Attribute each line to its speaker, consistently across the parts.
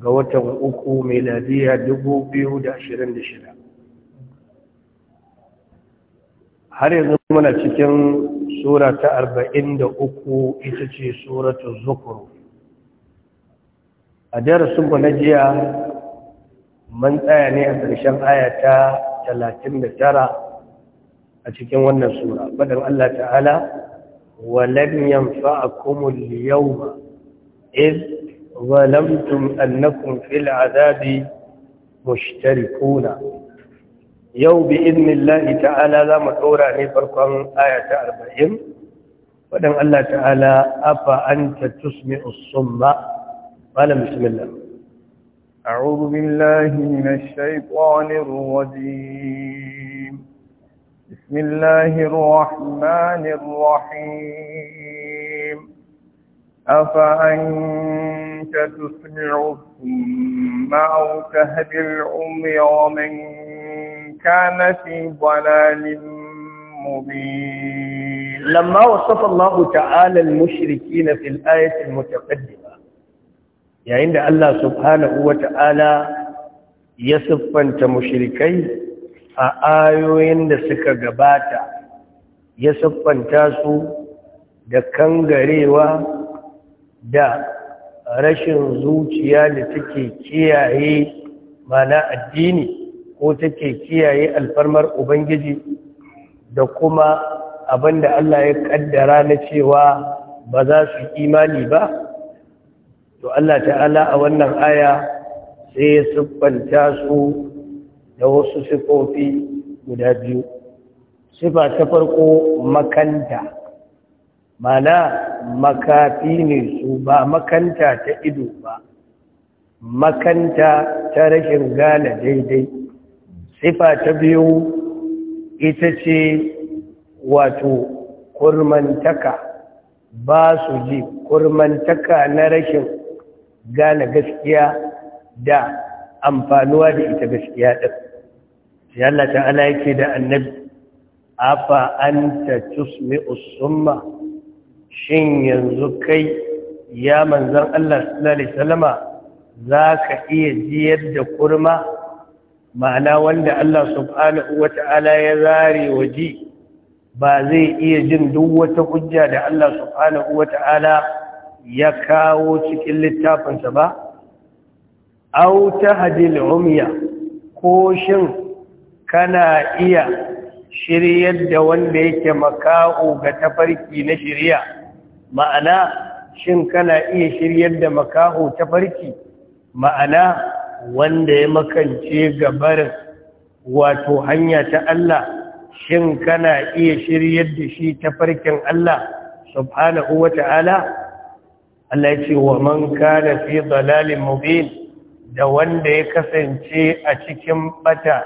Speaker 1: ga watan uku da da shida. har yanzu muna cikin sura ta arba'in da uku ita ce suratun zukuru a darasinmu na jiya man tsaya ne a ƙarshen ayata talatin da tara a cikin wannan sura badan Allah ta'ala walan yanfa'akumul yawma iz ظلمتم أنكم في العذاب مشتركون يو بإذن الله تعالى لا مطورة عن فرقا آية 40 ودن الله تعالى أفا أنت تسمع الصم قال بسم الله
Speaker 2: أعوذ بالله من الشيطان الرجيم بسم الله الرحمن الرحيم أفأنت تسمع
Speaker 1: الصم
Speaker 2: أو تهدي العمي ومن
Speaker 1: كان في ضلال مبين لما وصف الله تعالى المشركين في الآية المتقدمة يعني عند الله سبحانه وتعالى يصف أنت مشركي آيوين دسك قباتا يصف أنت سو دكان قريوة da rashin zuciya da take kiyaye mana addini ko take kiyaye alfarmar ubangiji da kuma abinda Allah ya kaddara na cewa ba za su imani ba to Allah ta'ala a wannan aya sai ya siffanta su da wasu sifofi guda biyu sifa ta farko makanta mana makafi ne su ba makanta ta ido ba makanta ta rashin gane daidai sifa ta biyu ita ce wato kurmantaka ba su ji kurmantaka na rashin gane gaskiya da amfanuwa da ita gaskiya ɗin sai Allah ala yake da annabi afa ta tusmi usumma. shin yanzu kai ya manzan Allah sallallahu za ka iya jiyar da kurma ma'ana wanda Allah subhanahu taala ya zare ji ba zai iya jin duk wata hujja da Allah subhanahu taala ya kawo cikin littafinsa ba au tahdil umya ko shin kana iya shiryar da wanda yake makao ga tafarki na shiriya ma'ana shin kana iya shiryar da makaho ta farki ma'ana wanda ya makance gabar wato hanya ta Allah shin kana iya shiryar da shi ta farkin Allah subhanahu wa ta'ala Allah ya ce wa man kana fi dalalin mubin da wanda ya kasance a cikin bata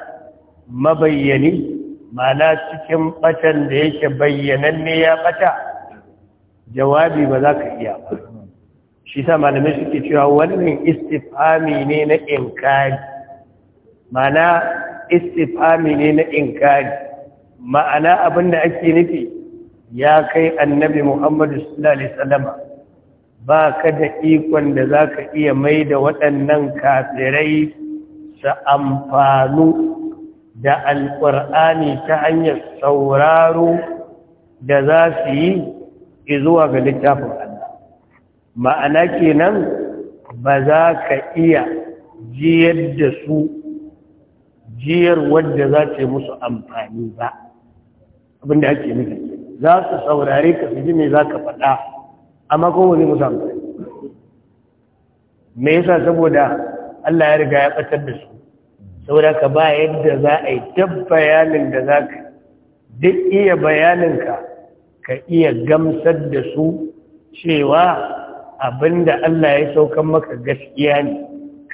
Speaker 1: mabayyani ma'ana cikin batan da yake bayyananne ya bata jawabi ba za ka iya ba shi sa malamai suke cewa wannan istifami ne na inkari mana istifami ne na inkari ma'ana abin da ake nufi ya kai annabi muhammadu sallallahu alaihi ba ka da ikon da za ka iya mai da waɗannan kafirai su amfanu da alƙur'ani ta hanyar sauraro da za su yi zuwa ga littafin Allah ma'ana kenan ba za ka iya jiyar da su jiyar wadda za ta yi musu amfani ba abinda ake nufi za su saurare ka su ji me za ka faɗa amma kuma zai musu amfani me yasa saboda Allah ya riga ya ɓatar da su saboda ka ba yadda za a yi duk bayanin da za ka duk iya bayaninka ka iya gamsar da su cewa abinda Allah ya saukan maka gaskiya ne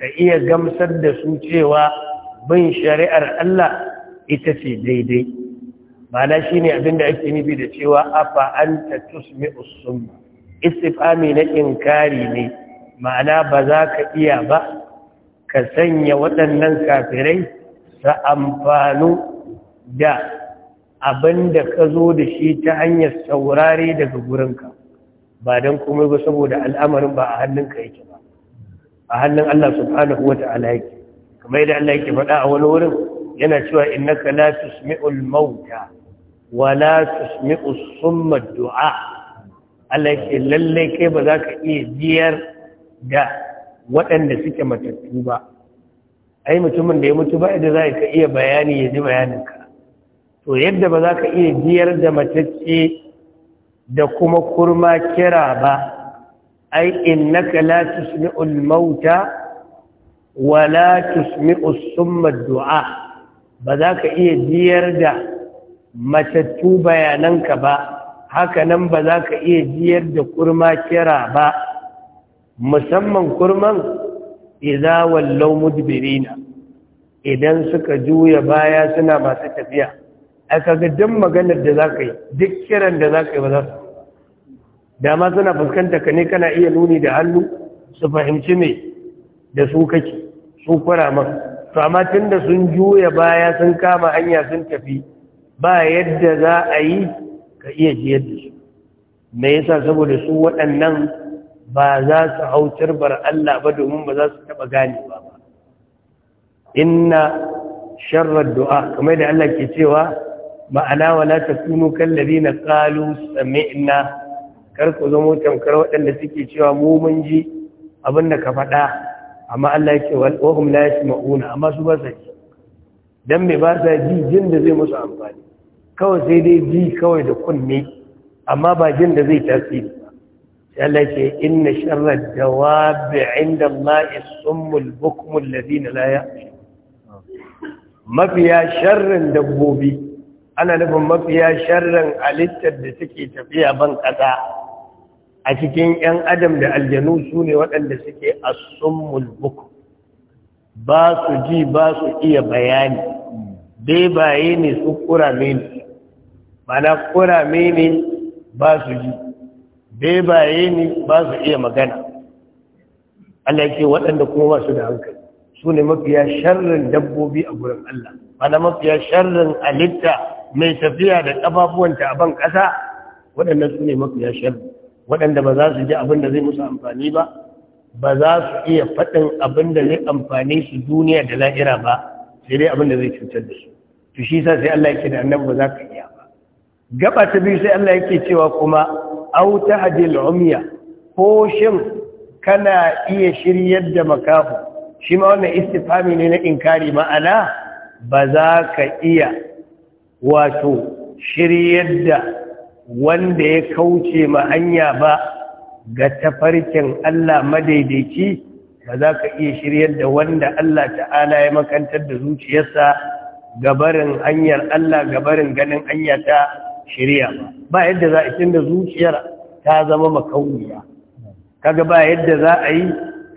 Speaker 1: ka iya gamsar da su cewa bin shari'ar Allah ita ce daidai mana shine abinda ake nufi da cewa afa anta tusmi summa istifami na inkari ne ma'ana ba za ka iya ba ka sanya waɗannan kafirai sa amfanu da abin da ka zo da shi ta hanyar saurari daga gurinka ba don komai ba saboda al'amarin ba a hannunka yake ba a hannun Allah subhanahu wa ta'ala yake kamar yadda Allah yake faɗa a wani wurin yana cewa innaka la tusmi'ul mauta wa la tusmi'us summa du'a Allah yake lalle kai ba za ka iya biyar da waɗanda suke matattu ba ai mutumin da ya mutu ba idan za ka iya bayani ya ji bayaninka to yadda ba za ka iya biyar da matacce da kuma kurma kira ba ai innaka la tusmi'ul mauta wa la tusmi'us summa du'a ba za ka iya biyar da matattu bayananka ba haka nan ba za ka iya biyar da kurma kira ba musamman kurman idza wallaw mudbirina idan suka juya baya suna masu tafiya a kaga duk maganar da za ka yi duk kiran da za ka yi ba za su dama suna fuskanta ka ne kana iya nuni da hannu su fahimci mai da su kake su kura ma. to amma tun da sun juya baya sun kama hanya sun tafi ba yadda za a yi ka iya jiyar da su me yasa saboda su waɗannan ba za su hau bar Allah ba domin ba za su taɓa ganewa ba inna sharar du'a kamar da Allah ke cewa ma'ana wala takunu na qalu sami'na kar zama tamkar waɗanda suke cewa mu mun ji abin da ka faɗa amma Allah yake wal ya la ma'una amma su ba sa ji dan mai ba sa ji jin da zai musu amfani kawai sai dai ji kawai da kunne amma ba jin da zai tasiri ba sai inna sharra dawabi inda Allah as-summul bukmul la ya'qilun mafiya sharrin dabbobi ana nufin mafiya sharran alittar da suke tafiya ban ƙasa a cikin 'yan adam da aljanu su ne waɗanda suke asummul buku ba su ji ba su iya bayani baye ne su kurame ne mana kurame ne ba su ji baye ne ba su iya magana Allah ce waɗanda kuma ba su da hankali su ne mafiya sharrin dabbobi a gurin Allah mana mafiya sharrin alitta. mai tafiya da ƙafafuwanta a ban ƙasa waɗannan su ne mafiya sharri waɗanda ba za su ji abin da zai musu amfani ba ba za su iya faɗin abin da zai amfani su duniya da la'ira ba sai dai abin da zai cutar da su to shi sa sai Allah yake da annabi ba za ka iya ba gaba ta biyu sai Allah yake cewa kuma au tahdil umya ko shin kana iya shiryar da makafu shi ma wannan istifami ne na inkari ma'ana ba za ka iya wato shiryar da wanda ya kauce ma hanya ba ga tafarkin Allah madaidaici ba za ka iya shiryar da wanda Allah ta'ala ya makantar da zuciyarsa gabarin hanyar Allah gabarin ganin hanya ta shirya ba ba yadda za a cin da zuciyar ta zama makauniya kaga ba yadda za a yi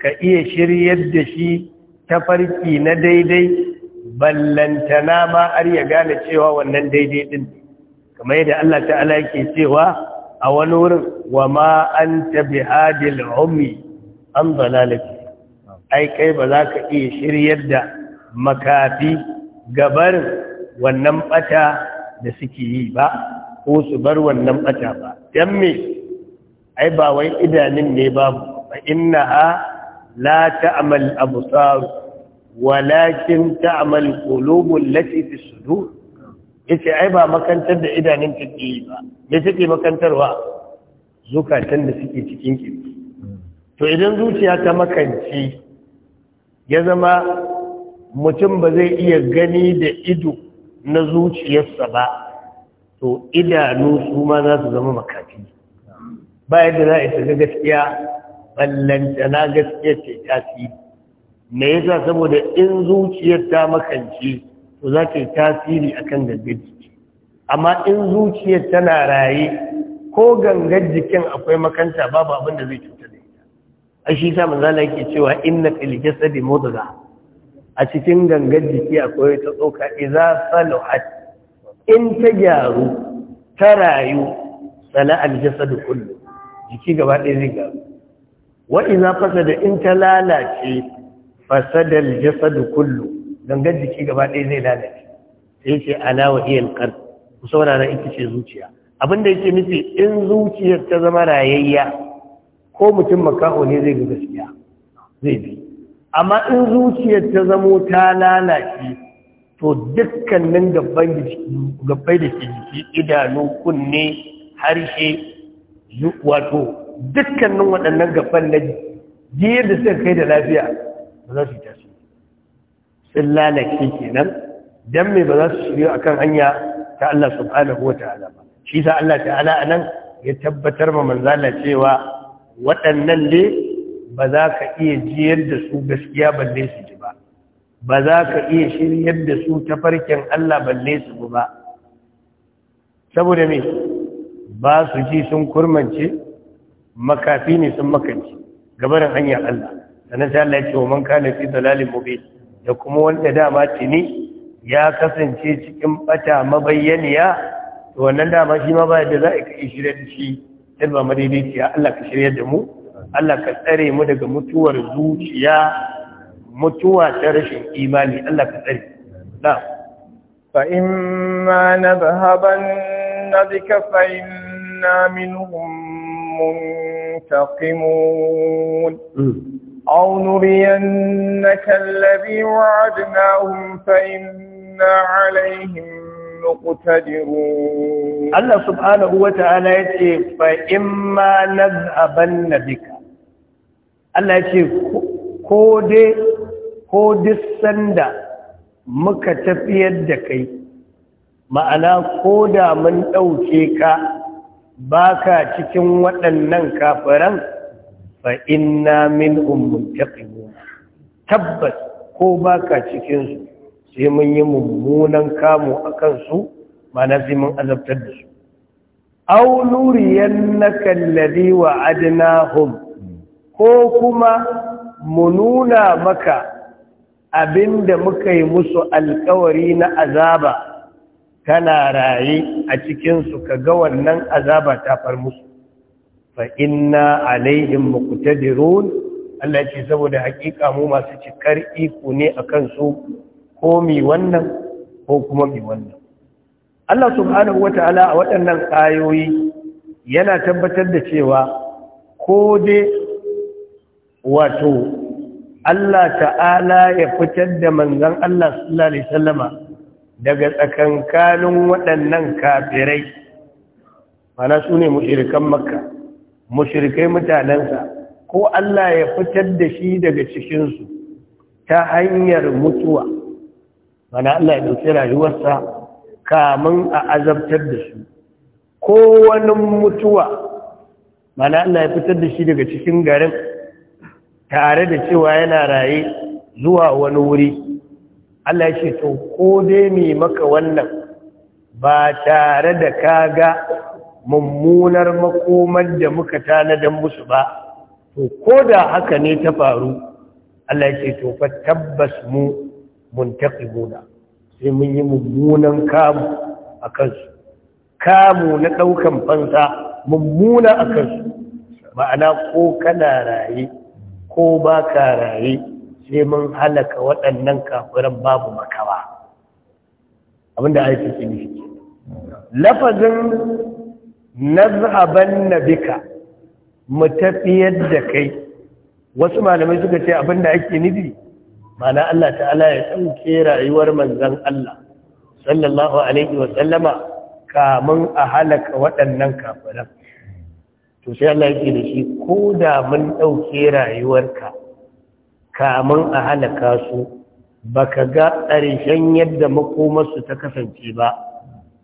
Speaker 1: ka iya shiryar da shi tafarki na daidai ballantana ma har ya gane cewa wannan daidai din kamar yadda Allah ta'ala yake cewa a wani wurin wa ma anta bihadil ummi an dalalati ai kai ba za ka iya shiryar da makafi gabar wannan bata da suke yi ba ko su bar wannan bata ba dan me ai ba wai idanun ne babu fa innaha la abu absar walakin ta'mal qulubul lati fi sudur yace ai ba makantar da idanun take ba me take makantarwa zukatan da suke cikin kirki to idan zuciya ta makanci ya zama mutum ba zai iya gani da ido na zuciyarsa ba to idanu su ma za su zama makafi ba yadda za a isa ga gaskiya ballanta na gaskiya ce tasiri me yasa saboda in zuciyar ta makance to za ta yi tasiri akan gangar jiki amma in zuciyar tana raye ko gangar jikin akwai makanta babu abin da zai cuta da ita a shi sa manzala yake cewa inna fil jasadi mudgha a cikin gangar jiki akwai ta tsoka idza saluhat in ta gyaru ta rayu sala al jasadu kullu jiki gaba ɗaya zai gyaru wa idza fasada in ta lalace fasadal jasadu kullu gangan jiki gaba ɗaya zai lalace sai ce ala wa iyal qalb ku saurara ita ce zuciya abinda yake nufi in zuciyar ta zama rayayya ko mutum makaho ne zai ga gaskiya zai bi amma in zuciyar ta zamo ta lalace to dukkanin gabbai da ke jiki idanu kunne harshe wato dukkanin waɗannan gabban na jiyar da suka kai da lafiya za sun lalace kenan don me ba za su shirya akan hanya ta Allah subhanahu wa ta'ala ba shi sa Allah ta'ala nan ya tabbatar ma manzala cewa waɗannan ne ba za ka iya jiyar da su gaskiya balle su ji ba ba za ka iya shiryar da su ta farkin Allah balle su ba saboda me ba su ji sun kurmance makafi ne sun makance gabarin hanyar Allah sannan sai Allah ya ce wa man kana fi dalalin mubin da kuma wanda dama tini ya kasance cikin bata mabayyaniya to wannan dama shi ma ba da za a kai shirye da shi sai ba Allah ka shirye da mu Allah ka tsare mu daga mutuwar zuciya mutuwa ta rashin imani Allah ka tsare na fa
Speaker 2: ma nabhaban nadika fa inna minhum muntaqimun hmm. أو نرينك الذي وعدناهم فإنا عليهم
Speaker 1: مقتدرون الله سبحانه وتعالى يتي فإما نذهبن بك Allah ya ce ko dai ko duk sanda muka tafiyar da kai ma'ana ko da mun ɗauke ka baka cikin waɗannan kafiran fa inna minhum muntaqimun tabbas ko baka cikin su sai mun yi mummunan kamo kansu su mana sai mun azabtar da su aw wa alladhi wa'adnahum ko kuma mu nuna maka abinda muka yi musu alkawari na azaba kana raye a cikinsu ka ga wannan azaba ta far musu fa inna alaihim muqtadirun Allah ce saboda hakika mu masu cikar iko ne akan su ko mi wannan ko kuma mi wannan Allah subhanahu wataala a waɗannan ayoyi yana tabbatar da cewa ko dai wato Allah ta'ala ya fitar da manzon Allah sallallahu alaihi wasallama daga tsakankanin waɗannan kafirai mana su ne mushrikan makka mushrikai mutanensa ko Allah ya fitar da shi daga cikinsu ta hanyar mutuwa mana Allah ya dauki rayuwarsa kamun a azabtar da su ko wani mutuwa mana Allah ya fitar da shi daga cikin garin tare da cewa yana raye zuwa wani wuri Allah ya ce to ko dai mai maka wannan ba tare da kaga mummunar makomar da muka tanadan musu ba to ko da haka ne ta faru Allah ce to fa tabbas mu muntaqimuna sai mun yi mummunan kamu a kansu kamu na ɗaukan fansa mummuna a kansu ma'ana ko kana raye ko ba ka raye sai mun halaka waɗannan kafiran babu makawa abinda aiki ke nufi lafazin nazhaban nabika mu tafiyar da kai wasu malamai suka ce abinda ake nufi mana Allah ta'ala ya ɗauke rayuwar manzon Allah sallallahu alaihi wa sallama kamun a halaka waɗannan kafiran to sai Allah yake da shi ko da mun ɗauke rayuwarka kamun a halaka su baka ga ƙarshen yadda su ta kasance ba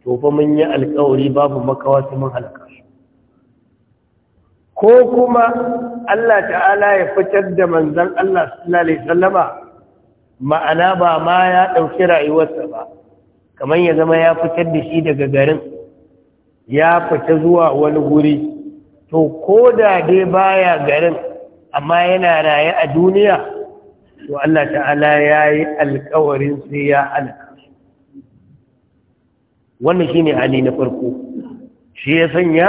Speaker 1: to fa mun yi alƙawari babu makawa sai mun halaka ko kuma Allah ta'ala ya fitar da manzon Allah sallallahu alaihi wasallama ma'ana ba ma ya dauki rayuwarsa ba kamar ya zama ya fitar da shi daga garin ya fita zuwa wani guri to ko da dai baya garin amma yana raye a duniya to Allah ta'ala ya yi alƙawarin sai ya halaka wannan shine Ali na farko shi ya sanya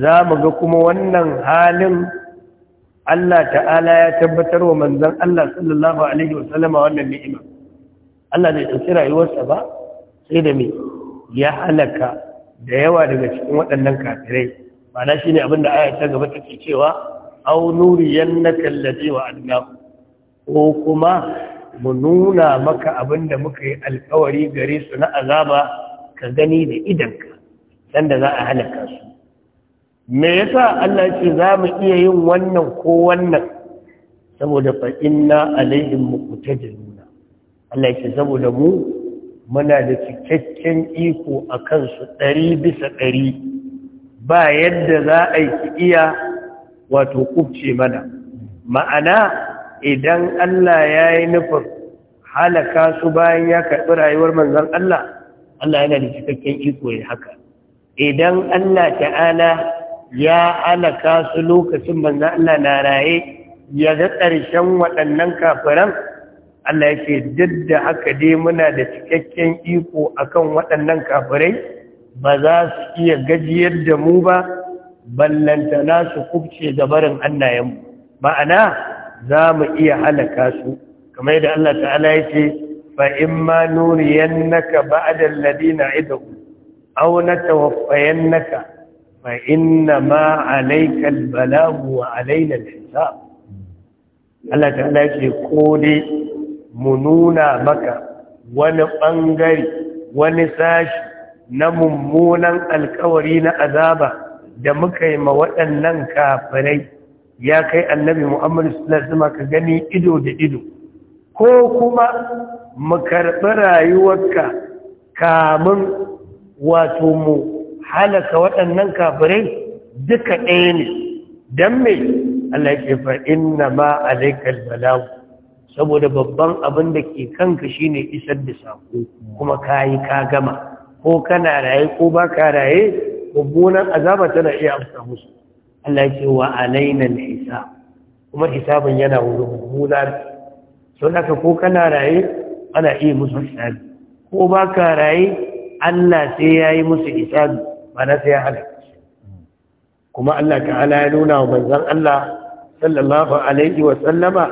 Speaker 1: za mu ga kuma wannan halin Allah ta'ala ya tabbatar wa manzan Allah sallallahu alaihi wasallama wannan ni'ima Allah bai ɗauki rayuwarsa ba sai da me ya halaka da yawa daga cikin waɗannan kafirai shi shine abin da aya ta gaba take cewa aw nuriyannaka wa adna ko kuma mu nuna maka abinda muka yi alkawari gare su na azaba ka gani da idanka sanda za a halaka su me yasa Allah ce za mu iya yin wannan ko wannan saboda fa inna alaihim muqtadiruna Allah ce saboda mu muna da cikakken iko a kansu ɗari bisa ɗari ba yadda za a yi iya wato kubce mana ma'ana idan Allah ya yi nufin halaka su bayan ya karɓi rayuwar manzon Allah Allah yana da cikakken iko ya haka idan Allah ta'ala ya alaka su lokacin banza Allah na raye ya ga ƙarshen waɗannan kafiran Allah ya ce duk da aka dai muna da cikakken iko akan waɗannan kafirai ba za su iya gajiyar da mu ba ballantana su kubce gabarin annayenmu ma'ana za mu iya halaka su kamar yadda Allah ta'ala ya ce فإما نرينك بعد الذين عدهم أو نتوفينك فإنما عليك البلاغ وعلينا الحساب Allah ta'ala ce ko dai mu nuna maka wani ɓangare wani sashi na mummunan alkawari na azaba da muka yi ma waɗannan kafirai ya kai annabi Muhammadu sallallahu alaihi ka gani ido da ido ko kuma mu karɓi rayuwarka kamun wato mu halaka waɗannan kafirai duka ɗaya ne don me Allah ke fa'in na ma alaikal balawu saboda babban abin da ke kanka shine isar da saƙo kuma ka yi ka gama ko kana raye ko ba ka raye a azaba tana iya amsa musu Allah ke wa alaina isa kuma hisabin yana wurin mummuna sau da ko kana raye ana iya musu isabi ko ba ka raye Allah sai ya yi musu isa mana sai ya halaka kuma Allah ta'ala ya nuna wa manzon Allah sallallahu alaihi wa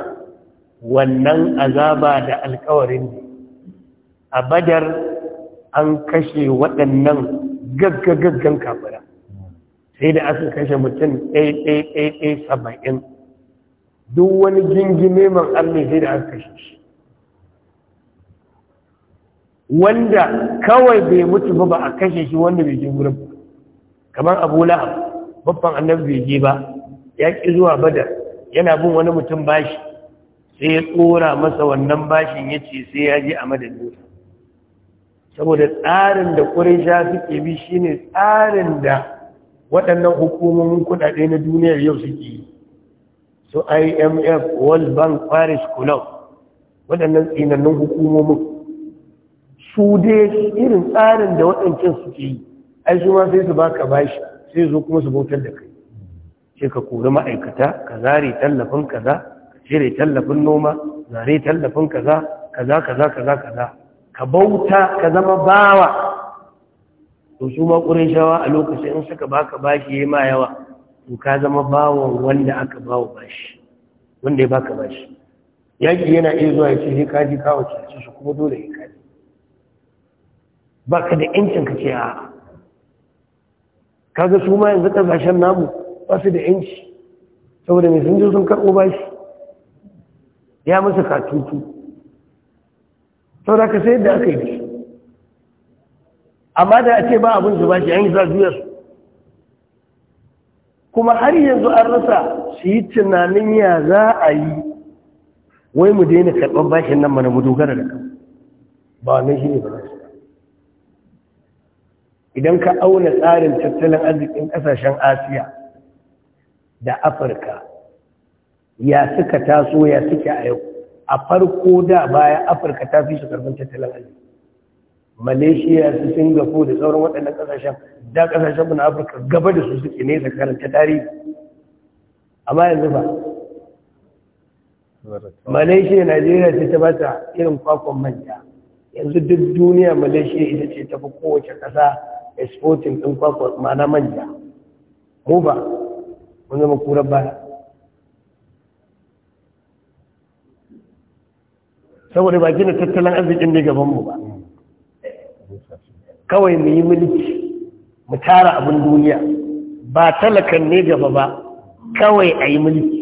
Speaker 1: wannan azaba da alkawarin a badar an kashe waɗannan gaggagaggan kafira sai da aka kashe mutum ɗaiɗaiɗaiɗai saba'in duk wani jingime man allai sai da aka kashe shi wanda kawai bai mutu ba ba a kashe shi wanda bai je gurin kamar abu la'ab babban annabi bai je ba ya ki zuwa badar yana bin wani mutum bashi sai ya tsora masa wannan bashin ya ce sai ya je a madadin saboda tsarin da ƙurisha suke bi shine tsarin da waɗannan hukumomin kuɗaɗe na duniyar yau suke yi su imf world bank paris club waɗannan tsinannun hukumomin su dai irin tsarin da waɗancan suke yi ai su ma sai su baka bashi sai zo kuma su bautar da kai sai ka kori ma'aikata ka zare tallafin kaza ka cire tallafin noma zare tallafin kaza kaza kaza kaza kaza ka bauta ka zama bawa to su ma shawa a lokaci in suka baka bashi ya ma yawa to ka zama bawan wanda aka bawa bashi wanda ya baka bashi yaki yana iya zuwa ya ce sai ka ji kawo su kuma dole ba ka da yancin ka ce ka kaga su ma yanzu ƙasashen namu ba su da yanci saboda mai sun ji sun karɓo ba shi ya masa katutu saboda ka sai da aka yi da shi amma da ake ce ba abin su ba shi an yi za juya su kuma har yanzu an rasa su yi tunanin ya za a yi wai mu daina karɓar bashin nan mana mu dogara da kan ba wannan shi ne ba idan ka auna tsarin tattalin arzikin ƙasashen asiya da afirka ya suka taso ya suke a yau a farko da baya afirka ta fi su karfin tattalin arziki malaysia su singapore da sauran waɗannan ƙasashen da kasashen mu na afirka gaba da su suke nesa karanta tarihi amma yanzu ba malaysia najeriya ce ta bata irin kwakwan manja yanzu duk duniya malaysia ita ce ta fi kowace ƙasa exporting ɗin kwakwa ma'ana manja mu ba mun zama kurar baya saboda ba gina tattalin arzikin ne mu ba kawai mu yi mulki mu tara abin duniya ba talakan ne gaba ba kawai a yi mulki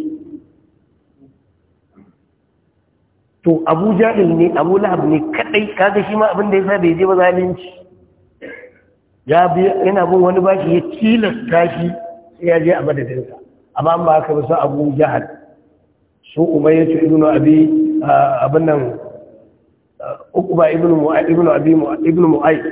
Speaker 1: to abu jahil ne abu lahab ne kadai kaga shi ma abin da ya sa bai je ba zalunci ya bi yana bin wani bashi ya tilasta shi ya je a madadinsa amma ba haka ba su abu jahal su umayyatu ibnu abi abin nan uqba ibnu mu'ayyid ibnu abi ibnu mu'ayyid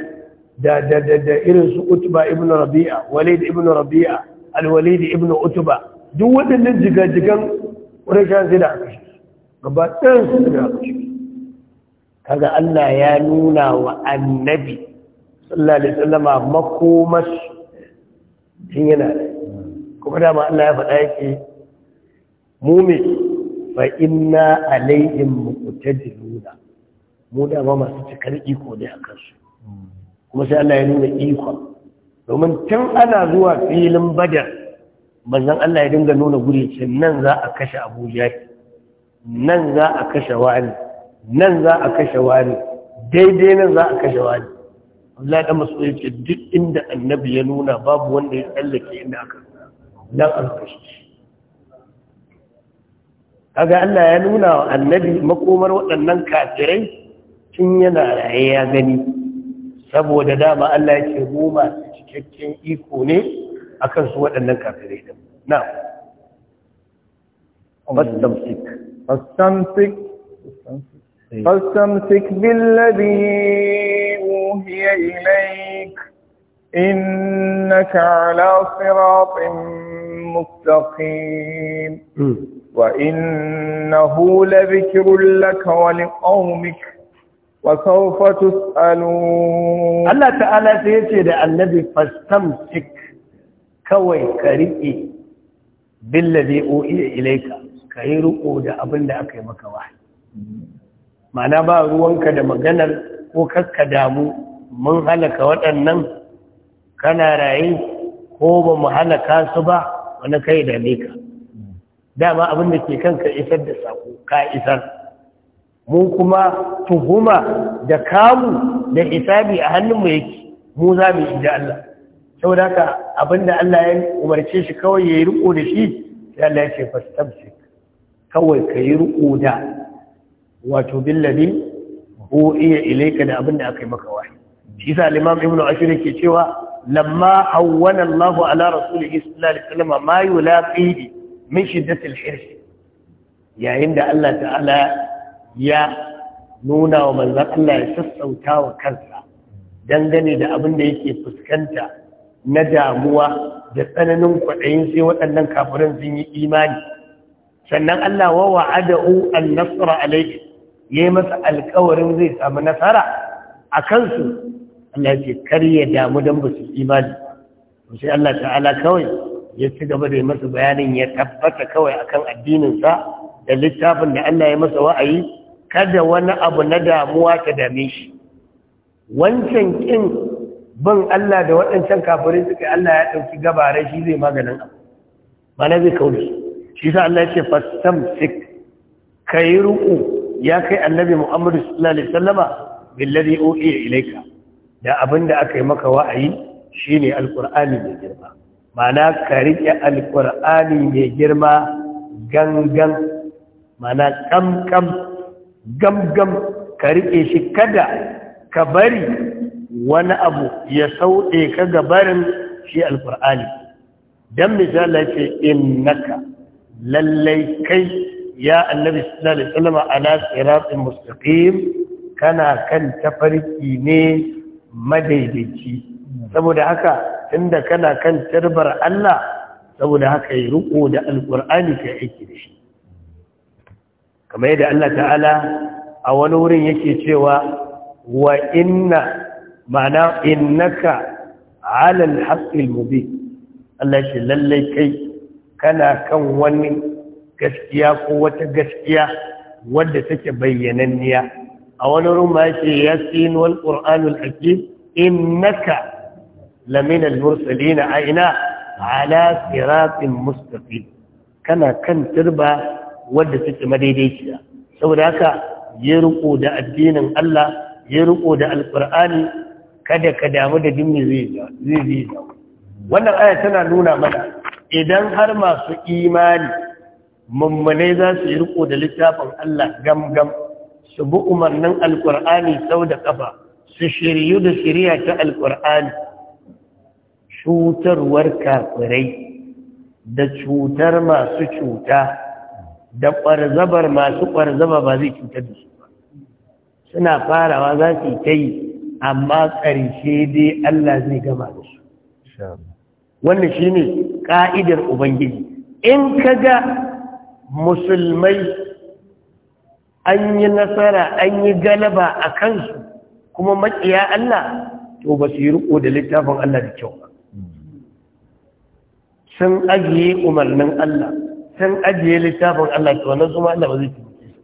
Speaker 1: da da da irin su utba ibnu rabi'a walid ibnu rabi'a al-walid ibnu utba duk waɗannan jigajigan ƙurashen sai da aka shi gaba ɗayan su da aka shi kaga Allah ya nuna wa annabi sallallahu alaihi wasallama makomash tun yana da kuma dama Allah ya faɗa yake mumi fa inna alaihim muqtadiruna mu dama masu cikar iko ne a kansu kuma sai Allah ya nuna iko domin tun ana zuwa filin badar manzon Allah ya dinga nuna guri ce nan za a kashe Abu Jahl nan za a kashe wani nan za a kashe wani daidai nan za a kashe wani Allah da masu yake duk inda annabi ya nuna babu wanda ya tsallake inda aka nan alfashi. kaga Allah ya nuna wa annabi makomar waɗannan kafirai tun yana raye ya gani saboda dama Allah ya ce mu masu cikakken iko ne a su waɗannan kafirai din na
Speaker 2: fastamsik fastamsik fastamsik billabi أوحي إليك إنك على صراط مستقيم وإنه لذكر
Speaker 1: لك ولقومك وسوف تسألون الله تعالى سيجد النبي فاستمسك كوي كريئي بالذي أوئي إليك كيرو أودا أبن لأكي مكواحي ma'ana ba ruwanka da maganar ko kaka damu mun halaka waɗannan kana raye ko ba mu halaka su ba wani kai da ka dama abin da ke kanka isar da sako ka isar mu kuma tuhuma da kamu da isabi a hannun mu yake mu za mu inda Allah saboda haka abinda Allah ya umarce shi kawai ya yi riko da shi sai Allah ya ce fastabsik kawai ka yi riko da wato billadi iya ilaika da abin da aka yi maka wahayi shi al-imam ibnu ashir yake cewa lamma hawwana Allahu ala rasulihi sallallahu alaihi wasallam ma yulaqi min shiddati hirs yayin da Allah ta'ala ya nuna wa manzon Allah ya sassauta wa kansa dangane da abin da yake fuskanta na damuwa da tsananin kwaɗayin sai waɗannan kafirin sun yi imani sannan Allah wa wa'ada'u an-nasra alayhi ya yi masa alkawarin zai samu nasara a kansu Allah ce kar damu don ba su imani sai Allah ta'ala kawai ya ci gaba da yi masa bayanin ya tabbata kawai akan addininsa da littafin da Allah ya masa wa'ayi kada wani abu na damuwa ta dame shi wancan kin bin Allah da waɗancan kafirai suka Allah ya ɗauki gabarai shi zai maganin abu na zai kawai shi sa Allah ya ce sik ka yi ruku ya kai annabi muhammadu sallallahu alaihi wasallama billadhi uhiya ilayka da abinda aka yi maka wa'ayi shine alqur'ani mai girma ma'ana ka rike alqur'ani mai girma gangan ma'ana kamkam gamgam ka rike shi kada ka bari wani abu ya sauɗe ka gabarin shi alqur'ani dan misali ce innaka lallai kai ya annabi sallallahu alaihi wasallam ala siratin mustaqim kana kan tafarki ne madaidaici saboda haka tunda kana kan tarbar Allah saboda haka yi riko da alqur'ani kai aiki da shi kamar yadda Allah ta'ala a wani wurin yake cewa wa inna ma'ana innaka ala al-haqqil mubin Allah shi lallai kai kana kan wani gaskiya ko wata gaskiya wadda take bayyananniya a wani ruma yake yasin wal qur'anul hakim innaka lamina al-mursalin a ina ala siratin mustaqim kana kan turba wadda take madaidaiciya saboda haka ya riko da addinin Allah ya riko da alqur'ani kada ka damu da dimmi zai zai wannan aya tana nuna mana idan har masu imani mummunai za su yi riko da littafin Allah gam gam su bi umarnin alkur'ani sau da ƙafa su shiryu da shirya ta alkur'ani cutarwar kafirai da cutar masu cuta da ƙwarzabar masu ƙwarzaba ba zai cutar da su ba suna farawa za su ta yi amma ƙarshe dai Allah zai gama da su wannan shi ne ƙa'idar ubangiji in ka ga musulmai an yi nasara an yi galaba a kansu kuma maƙiya Allah to ba su yi riko da littafin Allah da kyau ba sun ajiye umarnin Allah sun ajiye littafin Allah to wannan kuma Allah ba zai taimake su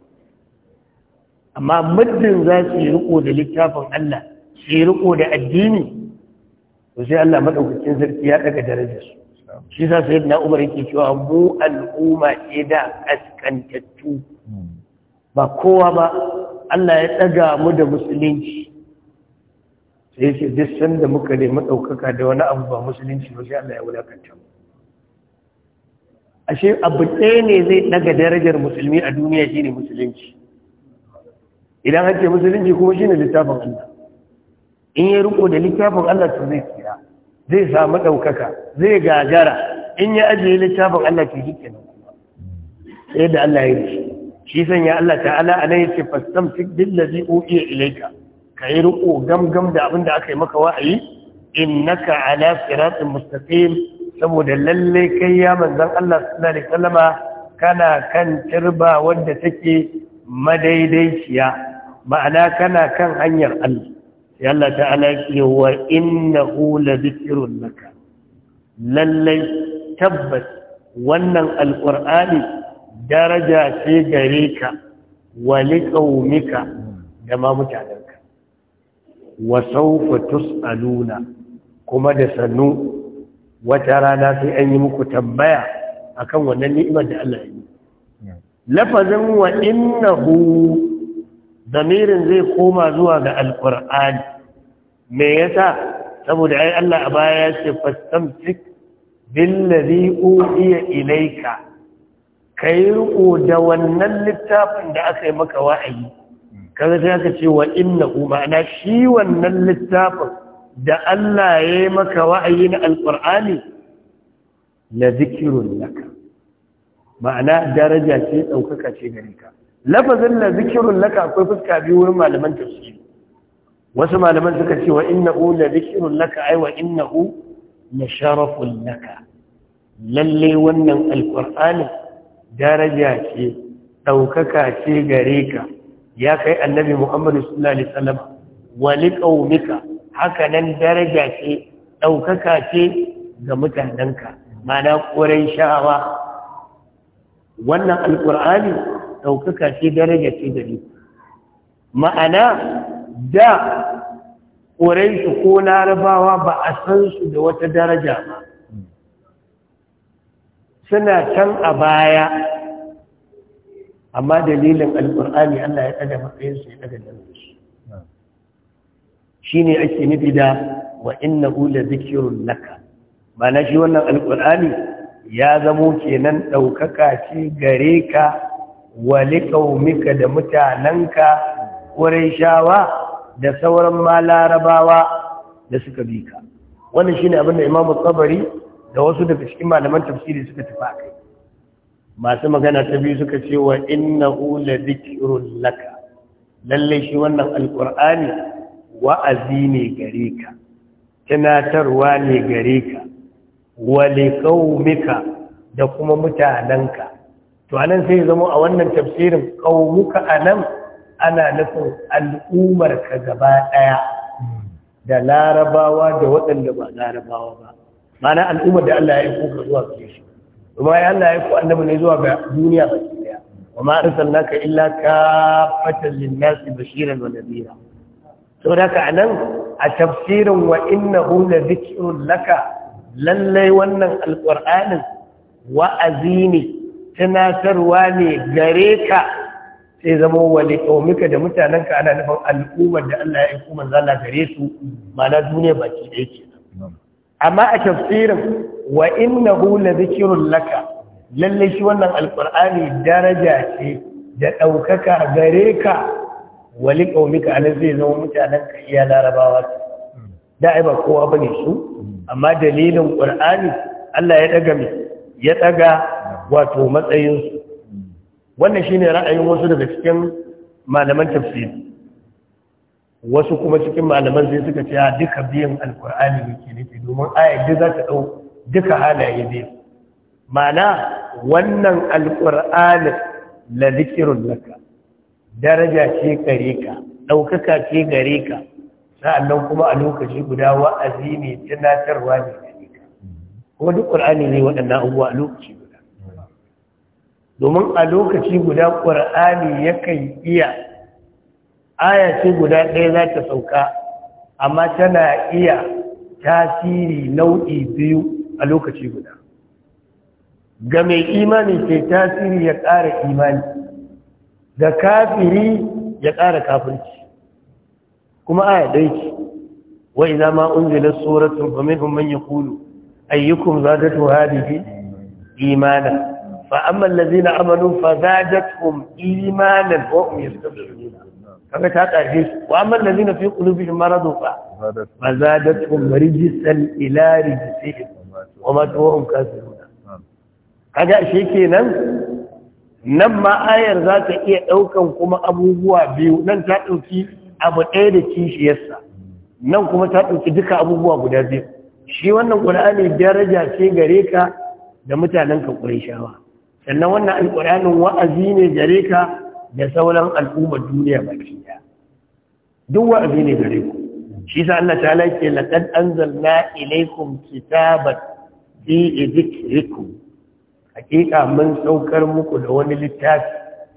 Speaker 1: amma muddin za su yi riko da littafin Allah su yi riko da addini to sai Allah madaukakin sarki ya daga darajar su shi sa sai na umar yake cewa mu al'umma ce da kaskantattu ba kowa ba Allah ya ɗaga mu da musulunci sai ce duk sanda muka nemi ɗaukaka da wani abu ba musulunci ba sai Allah ya wulakanta mu ashe abu ɗaya ne zai ɗaga darajar musulmi a duniya shine musulunci idan ake musulunci kuma shine littafin Allah in ya riko da littafin Allah to zai tsira zai samu ɗaukaka zai gagara in ya ajiye littafin Allah ke shi sai da Allah ya yi shi sanya Allah ta'ala a nan ya ce fastamsik zai uhiya ilaika. ka yi riko gamgam da abin da aka yi maka wa'ayi innaka ala siratin mustaqim saboda lalle kai ya manzan Allah sallallahu alaihi kana kan turba wanda take madaidaiciya ma'ana kana kan hanyar Allah sai Allah ta'ala ya wa innahu la dhikrun lallai tabbas wannan alqur'ani daraja ce gare ka wa liqaumika da ma mutanenka wa sawfa tusaluna kuma da sannu wata rana sai an yi muku tambaya akan wannan ni'imar da Allah yi lafazin wa innahu damirin zai koma zuwa ga alqur'ani me yasa saboda ai Allah a baya ya ce fastamtik billazi uhiya ilayka kai riko da wannan littafin da aka yi maka wa'ayi kaga sai aka ce wa innahu ma'ana shi wannan littafin da Allah ya yi maka wa'ayi na alqur'ani la zikrun laka ma'ana daraja ce daukaka ce gare ka lafazin la zikrun laka akwai fuska biyu wurin malaman tafsiri wasu malaman suka ce wa inna'u la dhikrun laka ai, wa inna'u na sharafun laka lalle wannan alqur'ani daraja ce ɗaukaka ce gare ka ya kai annabi muhammadu sallallahu alaihi wasallam wa haka nan daraja ce ɗaukaka ce ga mutanenka mana ƙorai sha'awa wannan alƙur'ani ɗaukaka ce daraja ce gare ma'ana da ƙorensu ko larabawa ba a san su da wata daraja ba suna can a baya amma dalilin alƙur'ani Allah ya ɗaga matsayinsu ya ɗaga dalilinsu shi ne ake nufi da wa inna ula zikirun laka na shi wannan alƙur'ani ya zamo kenan ɗaukaka ce gare ka wali ƙaumika da mutanenka ƙurai shawa da sauran ma larabawa da suka bi ka wannan shine abin da Imamu tsabari da wasu daga cikin malaman tafsiri suka tafi akai masu magana ta biyu suka ce wa innahu la dhikrun laka lalle shi wannan alqur'ani wa'azi ne gare ka tunatarwa ne gare ka wa liqaumika da kuma mutananka to anan sai zama a wannan tafsirin qaumuka anan ana nufin al'ummar ka gaba ɗaya da larabawa da waɗanda ba larabawa ba mana al'ummar da Allah ya yi kuka zuwa gare shi kuma ya Allah ya ku annabi ne zuwa ga duniya ba ke daya wa ma arsalnaka illa kafatan lin-nasi bashiran wa nadhira saboda ka anan a tafsirin wa innahu la dhikrun laka lallai wannan alqur'anin wa'azi ne tunatarwa ne gare ka sai zama wani ƙaumika da mutanenka ana nufin al'ummar da Allah ya yi kuma zana gare su mana duniya baki ɗaya ke amma a tafsirin wa inna hula zikirun laka lallai shi wannan alƙur'ani daraja ce da ɗaukaka gare ka wali ƙaumika ana zai zama mutanenka iya larabawa da ai ba kowa bane su amma dalilin ƙar'ani Allah ya ɗaga mai ya ɗaga wato matsayinsu wannan shi ne ra'ayin wasu daga cikin malaman tafsiri wasu kuma cikin malaman sai suka ce duka biyan alkur'ani ke nufi domin ayar da za ta ɗau duka halaye biyu mana wannan alkur'ani la zikirun laka daraja ce gare ka ɗaukaka ce gare ka sa'annan kuma a lokaci guda wa'azi ne tunatarwa ne gare ka kuma duk ƙur'ani ne waɗannan abubuwa a lokaci domin a lokaci guda ƙwar'ani kan iya ayace guda ɗaya za ta sauka amma tana iya tasiri nau'i biyu a lokaci guda ga mai imani ke tasiri ya ƙara imani ga kafiri ya ƙara kafirci kuma aya ɗaya ce wa idza ma unzila suratun kulu ayyukun za ta zadatu hadhihi imanin فأما الذين أمنوا فزادتهم إيمانا وهم يستبشرون كما تعالى وأما الذين في قلوبهم مرض فزادتهم رجسا إلى رجسهم وماتوا وهم كافرون kaga shi kenan nan ma ayar za ta iya ɗaukan kuma abubuwa biyu nan ta ɗauki abu ɗaya da kishiyarsa nan kuma ta ɗauki duka abubuwa guda biyu shi wannan ƙur'ani daraja ce gare ka da mutanenka ƙurishawa sannan wannan alƙur'anin wa'azi ne gare ka da sauran al'ummar duniya baki ɗaya duk wa'azi ne gare ku shi sa Allah ta'ala ke laqad anzalna ilaykum kitaban fi dhikrikum hakika mun saukar muku da wani littafi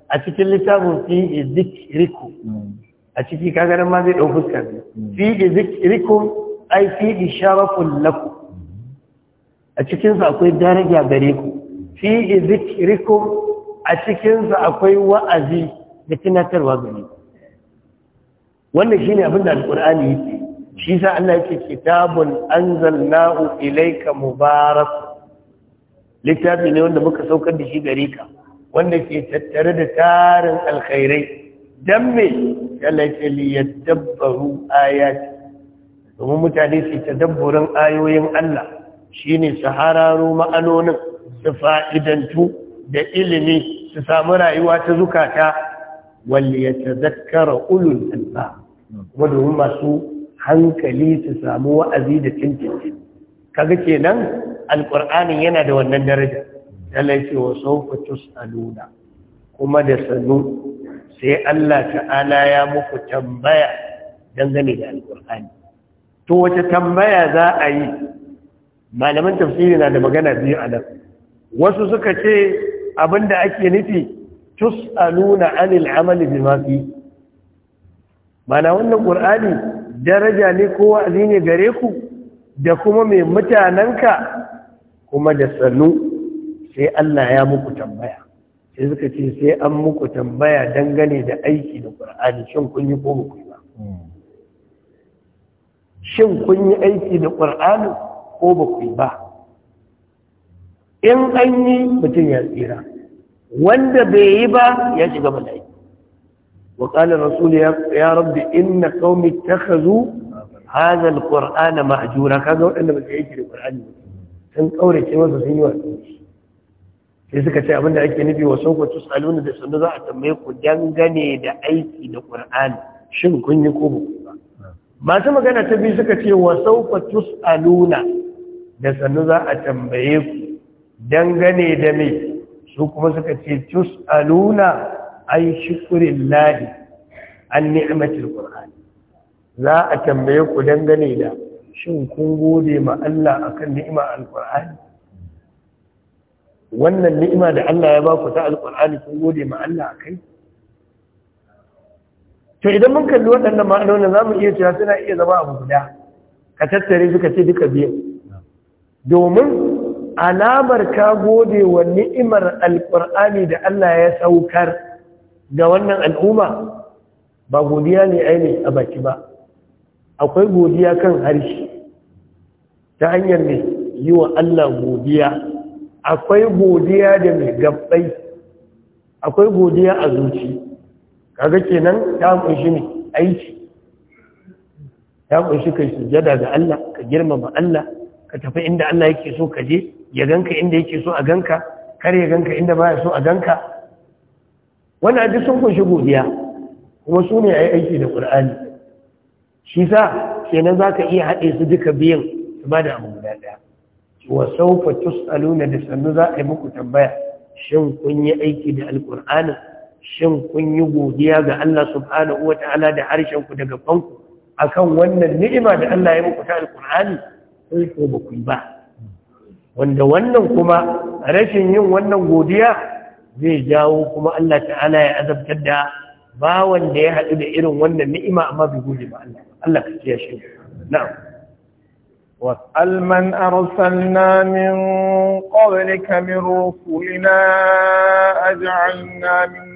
Speaker 1: a cikin littafin fi dhikrikum a ciki kaga nan ma zai dau fuska fi dhikrikum ai fi sharafun lakum a cikin sa akwai daraja gare ku fi a cikinsa akwai wa'azi da tunatarwa gari wannan shine abin da alqur'ani yake shi sa Allah yake kitabun anzalnahu ilayka mubarak littafi ne wanda muka saukar da shi gare ka wanda ke tattare da tarin alkhairai dan me Allah liyadabbaru ayati domin mutane su tadabburin ayoyin Allah shine sahararo ma'anonin su fa'idantu da ilimi su samu rayuwa ta zukata walli ya tazakkara ulul alba kuma masu hankali su samu wa'azi da cincinci kaga kenan Alƙur'ani yana da wannan daraja dalai ce wa saufa tus'aluna kuma da sannu sai Allah ta'ala ya muku tambaya dangane da alƙur'ani to wace tambaya za a yi malaman tafsiri na da magana biyu a nan wasu suka ce abinda ake nufi tus'aluna anil amali bima fi mana wannan qur'ani daraja ne ko wa'azi ne gare ku da kuma mai mutananka kuma da sanu sai Allah ya muku tambaya sai suka ce sai an muku tambaya dangane da aiki da qur'ani shin kun yi ko ku ba hmm. shin kun yi aiki da qur'ani ko ba ku ba in an yi mutum ya tsira wanda bai yi ba ya shiga bala'i wa qala rasul ya rabbi inna qaumi takhazu hadha alqur'ana mahjura kaga wanda ba sai yake da qur'ani sun kaurace masa sun yi wa sai suka ce abinda ake nufi wa sun ku tusaluna da sanda za a tambaye ku dangane da aiki da qur'ani shin kun yi ko ba masu magana ta biyu suka ce wa saufa tus'aluna da sannu za a tambaye ku dangane da me su kuma suka ce tus'aluna an shukurin lahi an ni'matul qur'an za a tambaye ku dangane da shin kun gode ma Allah akan ni'ima alqur'ani wannan ni'ima da Allah ya baku ta alqur'ani kun gode ma Allah akai to idan mun kalli waɗannan ma'anonin za mu iya cewa suna iya zama abu guda ka tattare suka ce duka biyu domin alamar ka gode wa ni'imar alƙur'ani da Allah ya saukar ga wannan al'umma ba godiya ne aini a baki ba akwai godiya kan harshe ta hanyar ne yi wa Allah godiya akwai godiya da mai gabbai akwai godiya a zuci kaga kenan ta kunshi ne aiki ya kunshi kai sujada ga Allah ka girmama Allah ka tafi inda Allah yake so ka je ya ganka inda yake so a ganka kar ya ganka inda baya so a ganka wannan duk sun kunshi godiya kuma su ne a yi aiki da ƙur'ani shi sa kenan za ka iya haɗe su duka biyan su ba da abu guda ɗaya wa saufa tus'aluna da sannu za a yi muku tambaya shin kun yi aiki da Alƙur'ani? shin kun yi godiya ga Allah subhanahu wa ta'ala da harshen ku daga fanku akan wannan ni'ima da Allah ya muku ta alƙur'ani sai ko ba ku ba wanda wannan kuma rashin yin wannan godiya zai jawo kuma Allah ta'ala ya azabtar da bawan da ya haɗu da irin wannan ni'ima amma bai gode ba Allah Allah ka ce shi na'am واسأل من أرسلنا من قبلك من رسلنا
Speaker 2: أجعلنا من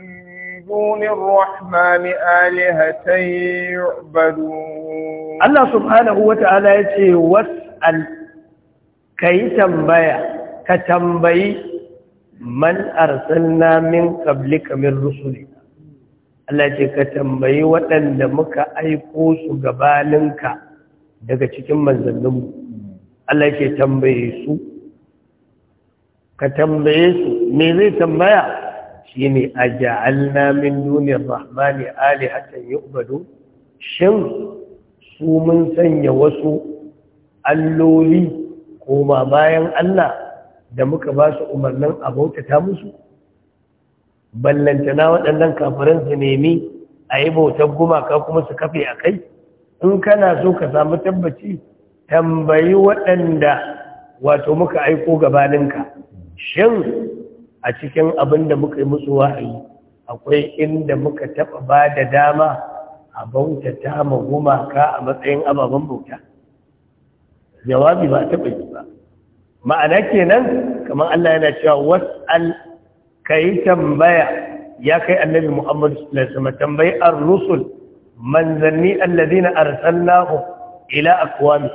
Speaker 2: دون الرحمن آلهة يعبدون
Speaker 1: الله سبحانه وتعالى يقول واسأل ka yi tambaya ka tambayi man arsalna min kabli kamar rusuli Allah ce ka tambayi waɗanda muka aiko su gabaninka daga cikin manzanninmu Allah ce tambaye su ka tambaye su me zai tambaya Shi ne a ja'alna min dunir rahmani alihatan yu'badu shin su mun sanya wasu alloli koma bayan Allah da muka ba su umarnin a bautata musu ballantana waɗannan kafiran su nemi a yi bautar gumaka kuma su kafe a kai in kana so ka samu tabbaci tambayi waɗanda wato muka aiko gabaninka shin a cikin abin da muka yi musu wa'ayi akwai inda muka taɓa ba da dama a bautata ma gumaka a matsayin ababen bauta jawabi ba taɓa yi ma'ana kenan kamar Allah yana cewa was'al kai tambaya ya kai annabi Muhammad sallallahu alaihi wasallam tambayi ar-rusul manzanni alladhina arsalnahu ila aqwami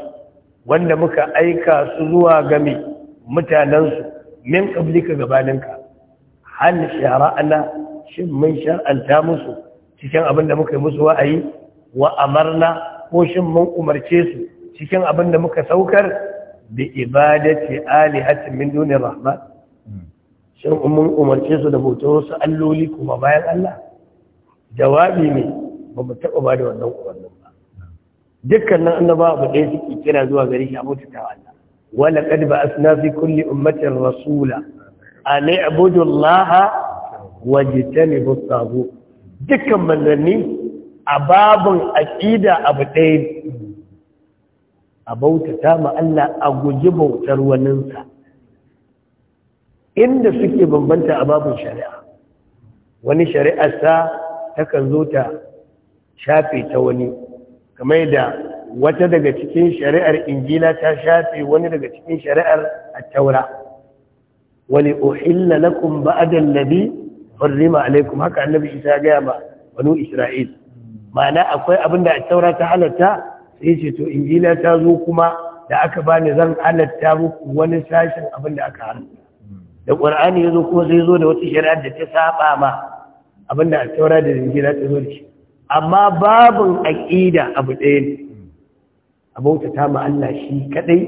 Speaker 1: wanda muka aika su zuwa ga mi mutanen su min qablika gabaninka hal shara'ana shin mun shar'anta musu cikin abin da muka yi musu wa'ayi wa amarna ko shin mun umarce su cikin abin da muka saukar bi ibadati alihatin min dunir rahman shin mun umarce su da bautar wasu alloli kuma bayan Allah jawabi ne ba mu taɓa ba da wannan umarnin ba dukkanin annaba abu ɗaya suke kira zuwa gari shi a mutunta Allah wala qad ba'athna fi kulli ummatin rasula an i'budu Allah wa jtanibu at dukkan manzanni a babun aƙida abu ɗaya a bautata ma Allah a guji bautar waninsa inda suke bambanta a babin shari'a wani shari'arsa takan zo ta shafe ta wani kamar da wata daga cikin shari'ar injila ta shafe wani daga cikin shari'ar attaura wani ohilla lakum ba'adan nabi harrima alaikum haka annabi isa gaya ma banu isra'il ma'ana akwai abinda da attaura ta halatta sai ce to injila ta zo kuma da aka bani zan halatta muku wani sashen abin da aka haramta da qur'ani ya kuma sai zo da wata shari'a da ta saba ma abin da taura da injila ta zo da shi amma babin aƙida abu ɗaya ne a bautata ma Allah shi kaɗai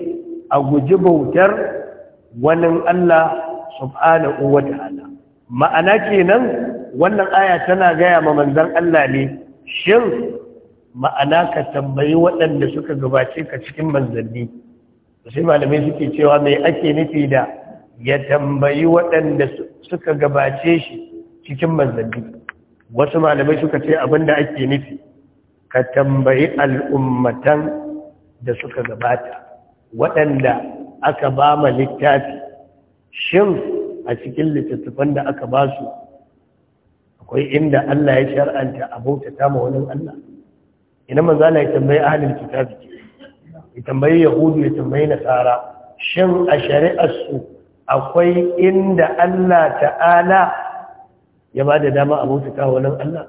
Speaker 1: a guji bautar wani Allah subhanahu wata'ala ma'ana kenan wannan aya tana gaya ma manzon Allah ne shin ma'ana ka tambayi waɗanda suka gabace ka cikin manzanni sai malamai suke cewa mai ake nufi da ya tambayi waɗanda suka gabace shi cikin manzanni wasu malamai suka ce abinda ake nufi ka tambayi al'ummatan da suka gabata waɗanda aka ba ma littafi shin a cikin littattafan da aka ba su akwai inda Allah ya shar'anta abauta ta ma wani Allah ina manzo Allah ya tambayi ahlul kitabi ya tambayi yahudu ya tambayi nasara shin a shari'ar su akwai inda Allah ta'ala ya ba da dama a bautata wa nan Allah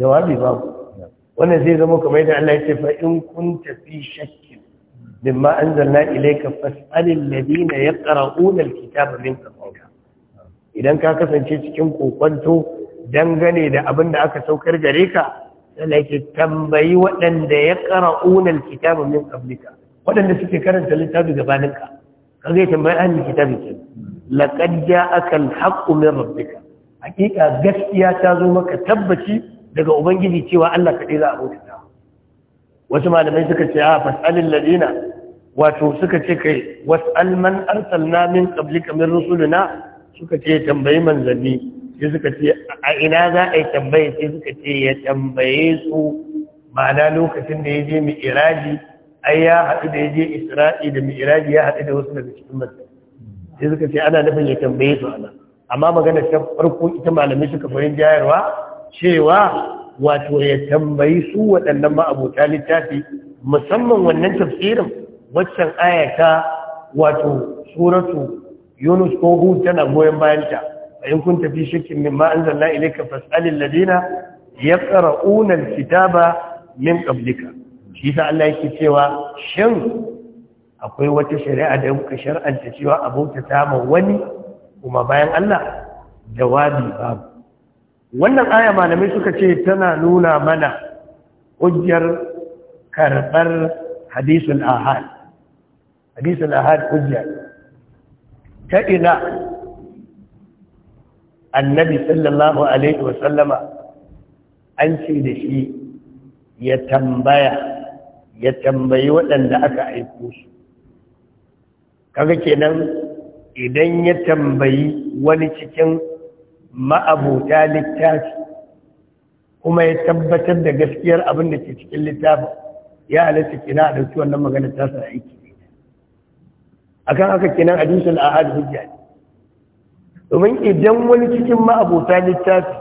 Speaker 1: jawabi ba wannan zai zama kamar yadda Allah ya ce fa in kunta fi shakkin mimma anzalna ilayka fas'alil ladina yaqra'una alkitaba min qablika idan ka kasance cikin kokonto dangane da abin da aka saukar gare ka yake tambayi waɗanda ya ƙara unar min ƙablika waɗanda suke karanta littafi gabaninka ka zai tambayi ahalin kitabi ke laƙad akan haƙƙu min rabbika hakika gaskiya ta zo maka tabbaci daga ubangiji cewa Allah kaɗai za a bauta wasu malamai suka ce a fasalin ladina wato suka ce kai wasu alman arsalna min qablika min rusulina suka ce tambayi manzanni sai suka ce a ina za a yi tambaye sai suka ce ya tambaye su ma'ana lokacin da ya je mi'iraji ai ya haɗu da ya je isra'i da mi'iraji ya haɗu da wasu daga cikin masu sai suka ce ana nufin ya tambaye su ana amma magana ta farko ita malamai suka fahimci jayarwa cewa wato ya tambayi su waɗannan ma'abota littafi musamman wannan tafsirin waccan ayata wato suratu yunus ko tana goyon bayanta in kun tafi shakkin min ma fasalin Ladina. Ya tsara yaqra'una alkitaba min qablika shi sa Allah yake cewa shin akwai wata shari'a da muka shar'anta cewa abota ta ma wani kuma bayan Allah jawabi babu wannan aya malamai suka ce tana nuna mana hujjar karɓar hadisul ahad hadisul ahad hujja ta ina annabi sallallahu alaihi wasallama an ce da shi ya tambaya ya tambayi waɗanda aka aiko su kaga kenan idan ya tambayi wani cikin ma'abuta littafi kuma ya tabbatar da gaskiyar abin da ke cikin littafi ya halatta kina a ɗauki wannan magana ta sa aiki akan haka kenan a dusun hujja ne domin idan wani cikin ma'abuta littafi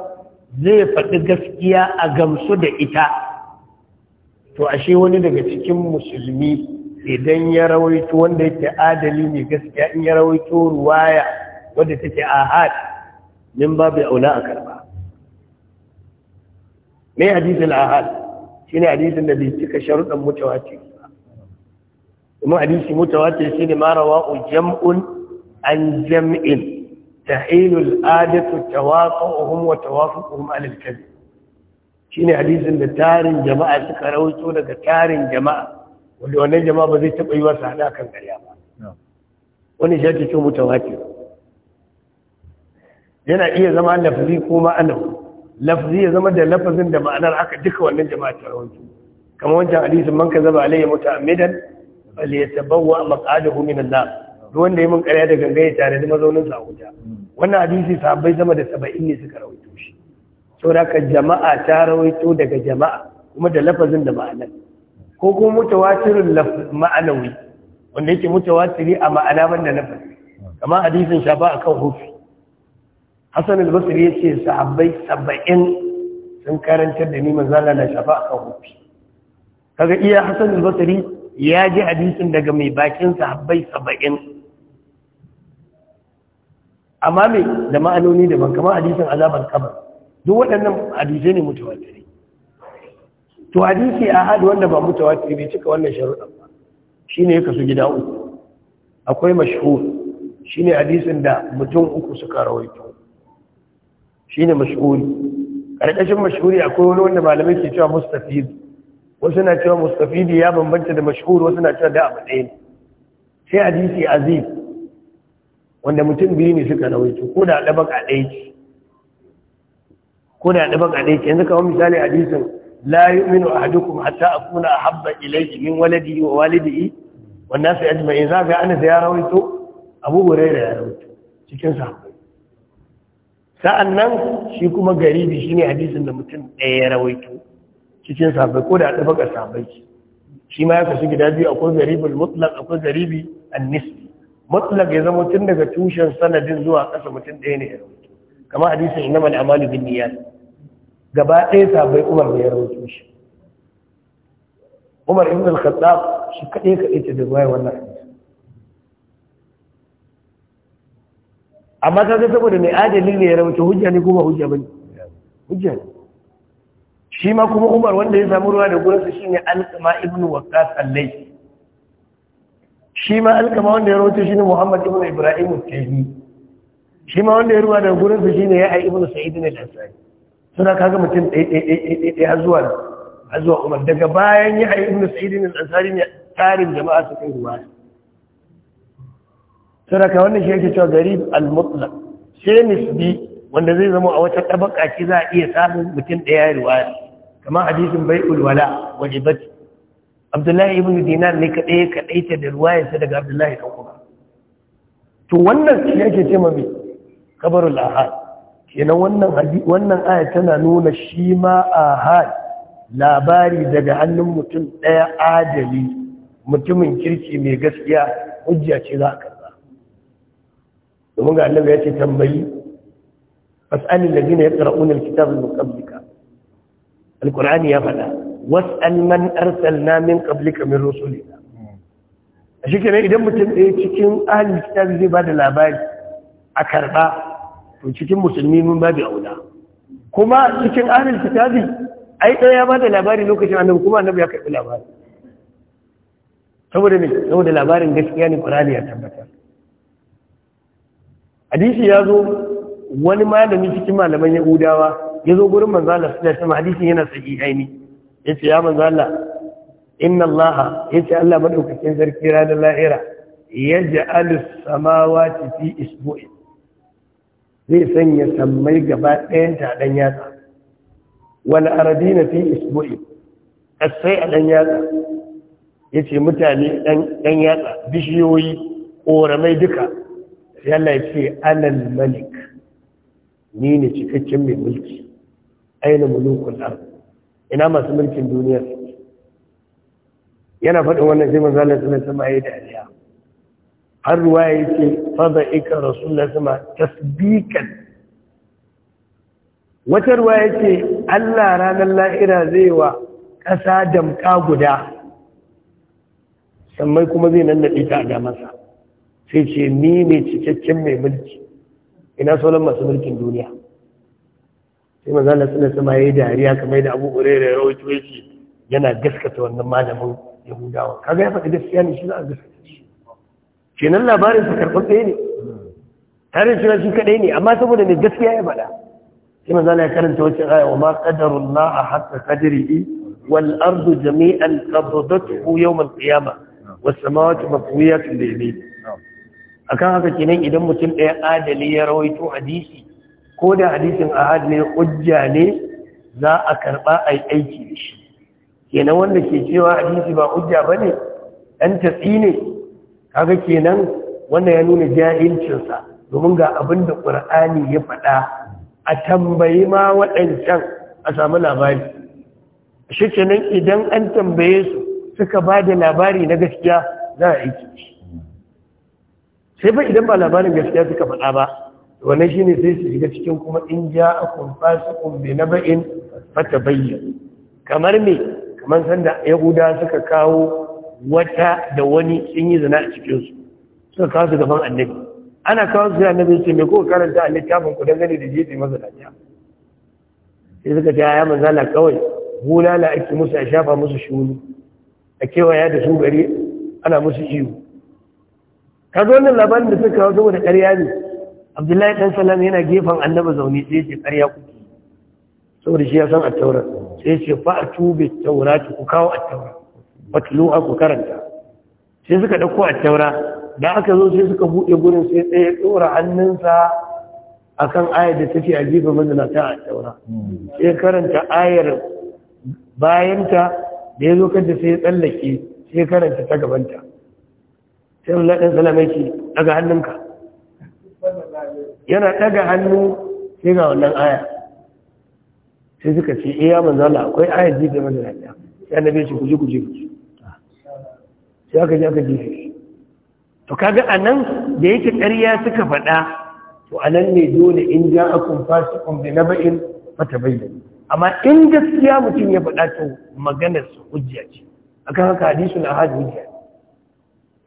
Speaker 1: zai faɗi gaskiya a gamsu da ita to ashe wani daga cikin musulmi idan ya rawaito wanda yake adali ne gaskiya in ya rawaito ruwaya wadda take ahad min babu aula a karba me hadisin ahad shine hadisin da bai cika sharuɗan ce kuma hadisi ce shine ma rawa'u jam'un an jam'in تحيل الآدة تواطؤهم وتوافقهم على الكذب shine hadisin da tarin jama'a suka rawaito daga tarin jama'a wanda jama'a ba zai taɓa yi wa a kan ƙarya ba wani shi ce mutawatir yana iya zama lafzi ko ma'ana lafzi ya zama da lafazin da ma'anar haka duka wannan jama'a ta rawaito kamar wancan hadisin man kazaba alayya muta'ammidan falyatabawa maq'adahu min an-nar duk wanda ya mun karya da ganga ya tare da mazaunin sa Abuja wannan hadisi sahabbai sama da saba'in ne suka rawaito shi saboda ka jama'a ta rawaito daga jama'a kuma da lafazin da ma'anar ko kuma mutawatirul ma'anawi wanda yake mutawatiri a ma'ana banda lafazi kama hadisin shafa akan hufi Hassan al-Basri ce sahabbai saba'in sun karantar da ni manzala na shafa akan hufi kaga iya Hassan al-Basri ya ji hadisin daga mai bakin sahabbai saba'in. amma me da ma'anoni daban kamar hadisin azabar kabar duk waɗannan hadisai ne mutawatiri to hadisi a hadu wanda ba mutawatiri bai cika wannan sharuɗan ba ne ya kasu gida uku akwai mashhur ne hadisun da mutum uku suka rawaito ne mashhuri Ƙarƙashin mashhuri akwai wani wanda malamai ke cewa mustafid wasu na cewa mustafidi ya bambanta da mashhur wasu na cewa da abu ɗaya sai hadisi azim wanda mutum biyu ne suka rawaito ko da ɗabaka ɗaya ce ko da ɗabaka ɗaya ce yanzu kawo misali hadisin la yu'minu ahadukum hatta akuna ahabba ilayhi min waladihi wa walidihi sai nasu ma'in. za ga anas ya rawaito abu hurairah ya rawaito cikin sahabbai sa'annan shi kuma garibi shine hadisin da mutum ɗaya ya rawaito cikin sahabbai ko da ɗabaka sahabbai shi ma ya kasu gida biyu akwai garibul mutlaq akwai garibi an-nisbi mutlak ya zama tun daga tushen sanadin zuwa ƙasa mutum ɗaya ne ya rawaito kama hadisin innamal amalu bin niyyat gaba ɗaya sabai umar ne ya rawaito shi umar ibn al-khattab shi kaɗai kaɗai ce da ruwaya wannan hadisi amma zai saboda mai adali ne ya rawaito hujja ne kuma hujja bane hujja ne shi ma kuma umar wanda ya samu ruwa da shi shine alqama ibn wakas al-layth shi ma alkama wanda ya rawaito shine Muhammad ibn Ibrahim al-Taymi shi ma wanda ya ruwa daga gurin sa shine ya ai ibn Sa'id al-Ansari suna kaga mutum ɗai ɗai ɗai ɗai har zuwa har zuwa Umar daga bayan ya ai ibn Sa'id al-Ansari ne tarin jama'a su kai ruwa suna ka wannan shi yake cewa garib al-mutlaq sai nisbi wanda zai zama a wata tabaka ce za a iya samun mutum daya ruwa kamar hadisin bai'ul wala wajibat abdullahi ibn dinar ne kaɗai kaɗai ta da ruwa ruwayarsa daga abdullahi ɗan kuma to wannan shi yake ce mami kabarul ahad kenan wannan wannan aya tana nuna shi ma ahad labari daga hannun mutum ɗaya adali mutumin kirki mai gaskiya hujja ce za ka za domin ga annabi ya ce tambayi fas'alil ladina yaqra'una alkitaba min qablika alqur'ani ya faɗa wasan man arsalna min qablika min rusulina shi kenan idan mutum ɗaya cikin ahalin kitab zai bada labari a karɓa to cikin musulmi mun ba auna kuma cikin ahalin kitab ai ɗaya ya bada labari lokacin annabi kuma annabi ya karɓi labari saboda ne saboda labarin gaskiya ne qur'ani ya tabbatar hadisi ya zo wani malami cikin malaman yahudawa ya zo gurin manzo Allah sallallahu alaihi wasallam hadisin yana sahihaini yace ya manzo Allah inna Allah yace Allah madaukakin sarki ranar lahira as samawati fi isbu'i zai sanya samai gaba ɗayan ta dan yatsa wal ardina fi isbu'i asai a dan yatsa yace mutane dan dan yatsa bishiyoyi koramai duka sai Allah ya ce malik ni ne cikakken mai mulki aina mulukul ardh ina masu mulkin duniyar yana faɗin wannan sai manzo Allah sallallahu alaihi wasallam ya dariya har ruwa yake fada ika rasulullah wasallam tasbikan wata ruwa ya ce Allah ranar la'ira zai wa ƙasa damƙa guda sammai kuma zai nan da ita a damansa sai ce ni mai cikakken mai mulki ina sauran masu mulkin duniya sai manzo Allah sallallahu alaihi wasallam yayi dariya kamar da Abu Hurairah ya rawaito yake yana gaskata wannan malamin Yahudawa kaga ya faɗi gaskiya ne shi za a gaskata shi kenan labarin sa karɓar ɗaya ne tare da shi kadai ne amma saboda mai gaskiya ya faɗa sai manzo Allah ya karanta wacce aya wa ma qadarullah hatta qadrihi wal ardu jami'an qabdatuhu yawm al qiyamah was samawati mafwiyatun bi yamini akan haka kenan idan mutum ɗaya adali ya rawaito hadisi ko da hadisin ahad ne hujja ne za a karba a aiki da shi kenan wanda ke cewa hadisi ba hujja bane? Dan tatsi ne kaga kenan wannan ya nuna jahilcinsa domin ga abin da ƙur'ani ya faɗa a tambayi ma waɗancan a samu labari shi kenan idan an tambaye su suka ba da labari na gaskiya za a aiki sai ba idan ba labarin gaskiya suka faɗa ba shi shine sai su shiga cikin kuma in ja'akum na ba'in fata fatabayyan kamar me kamar sanda yahuda suka kawo wata da wani sun yi zana a cikinsu suka kawo su gaban annabi ana kawo su annabi sai mai ko karanta a littafin ku dangane da jefe masa danya sai suka ta ya manzala kawai bulala ake musu a shafa musu shuni a kewaya da su gari ana musu ciwo ka zo wannan labarin da suka kawo saboda ƙarya ne abdullahi ɗan salam yana gefen annaba zaune sai ce ƙarya kuke saboda shi ya san a taurar sai ce fa a tube taura ku kawo a taura wata a ku karanta sai suka ɗauko a taura da aka zo sai suka buɗe gurin sai ɗaya ɗora hannunsa a kan ayar da ta ce a gefen mazinata a taura sai karanta ayar bayanta da ya zo kanta sai ya tsallake sai karanta ta gabanta sai wani ɗan salam yake daga hannunka yana ɗaga hannu sai ga wannan aya sai suka ce iya eh, manzala akwai aya ji game da lafiya sai annabi ce kuji kuji kuje sai aka ji aka jefe to kaga anan da yake ƙarya suka faɗa to anan ne dole in ja akun fasikun bi naba'in fatabayyana amma in gaskiya mutum ya faɗa to maganar su hujja ce akan haka hadisul ahad hujja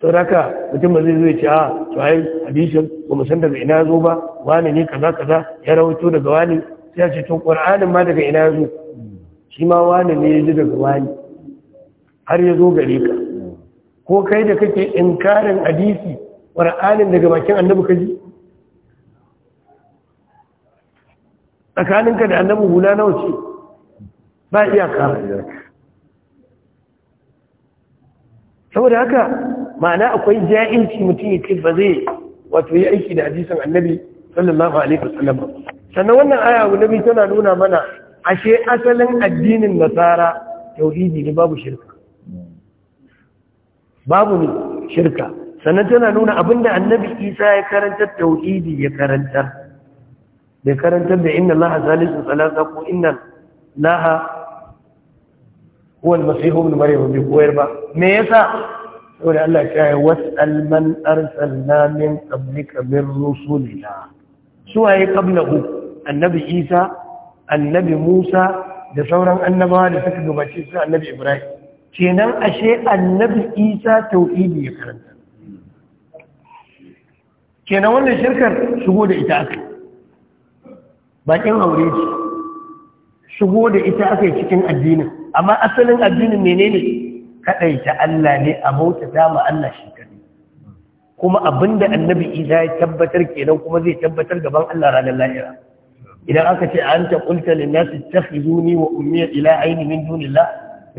Speaker 1: Sau haka mutum ba zai zai ce a tsohai hadishin ba mu san daga ina zo ba wani ne kaza kaza ya rawaito daga wani sai ce tun qur'anin ma daga ina zo shi ma wani ne ya ji daga wani har ya zo gare ka ko kai da kake karin hadisi qur'anin daga bakin annabu ka ji tsakaninka da annabu hula nawa ce ba iyaka saboda haka ma'ana akwai ja'ilci mutum ya ce ba zai wato yi aiki da hadisan annabi sallallahu alaihi wasallam sannan wannan aya abu nabi tana nuna mana ashe asalin addinin nasara tauhidi ne babu shirka babu ne shirka sannan tana nuna abinda annabi isa ya karantar tauhidi ya karantar bai karantar da inna laha salisu salasa ko inna laha huwa al-masih ibn maryam bai koyar ba me yasa saboda Allah ya ce was'al man arsalna min qablika min rusulina suwaye qablahu annabi Isa annabi Musa da sauran annabawa da suka gabace su annabi Ibrahim kenan ashe annabi Isa tauhidi ya karanta kenan wannan shirkar shigo ita aka aure shigo da ita aka cikin addinin amma asalin addinin menene ta Allah ne a bauta ta ma Allah shi kadai kuma abinda annabi Isa ya tabbatar kenan kuma zai tabbatar gaban Allah ranar lahira idan aka ce anta qulta lin nas ittakhizuni wa ummi ilahaini min dunillah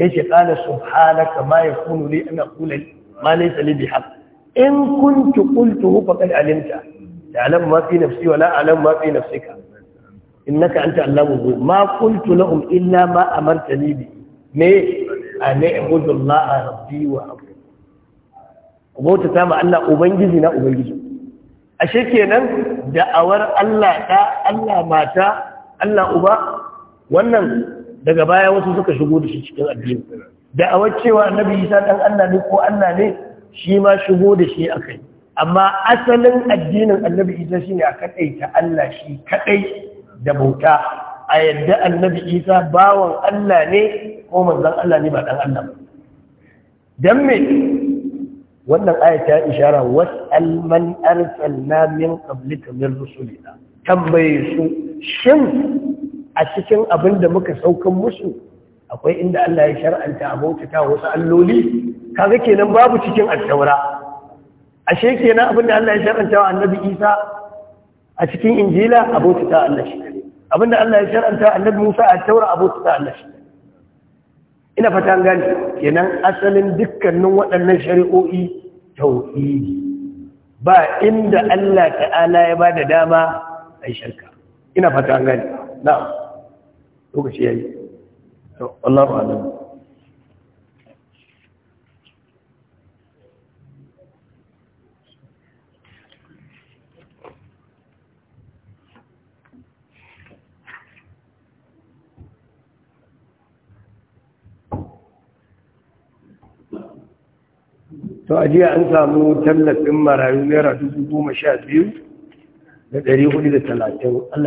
Speaker 1: yace qala subhanaka ma yakunu li an aqula ma laysa li bihaqq in kuntu qultuhu faqad alimta ta'lamu ma fi nafsi wa la a'lamu ma fi nafsika innaka anta allamul ghuyub ma qultu lahum illa ma amartani bi Ne? a ni'budullah rabbi wa abu bauta ta ma Allah ubangiji na ubangiji ashe kenan da'awar Allah ta Allah mata Allah uba wannan daga baya wasu suka shigo da shi cikin addini da'awar cewa annabi Isa dan Allah ne ko Allah ne shi ma shigo da shi akai amma asalin addinin annabi Isa shine a ta Allah shi kadai da bauta a yadda annabi Isa bawan Allah ne ko manzan Allah ne ba dan Allah Don me wannan ayyata ta ishara was'al man arsalna min qablika min rusulina tambaye su shin a cikin abin da muka saukan musu akwai inda Allah ya shar'anta abota wasu alloli kaga kenan babu cikin al ashe kenan abin da Allah ya shar'anta wa Annabi Isa a cikin Injila abota ta Allah shi da Allah ya shar'anta Annabi Musa a Taura abota ta Allah shi ina fata gani kenan asalin dukkanin waɗannan shari'o'i tauhidi ba inda Allah ta'ala ya ba da dama a shirka ina fata gani na lokaci ya to Allahu a'lam to a jiya an samu tallafin marayu naira dubu goma sha biyu da ɗari da talatin
Speaker 2: allah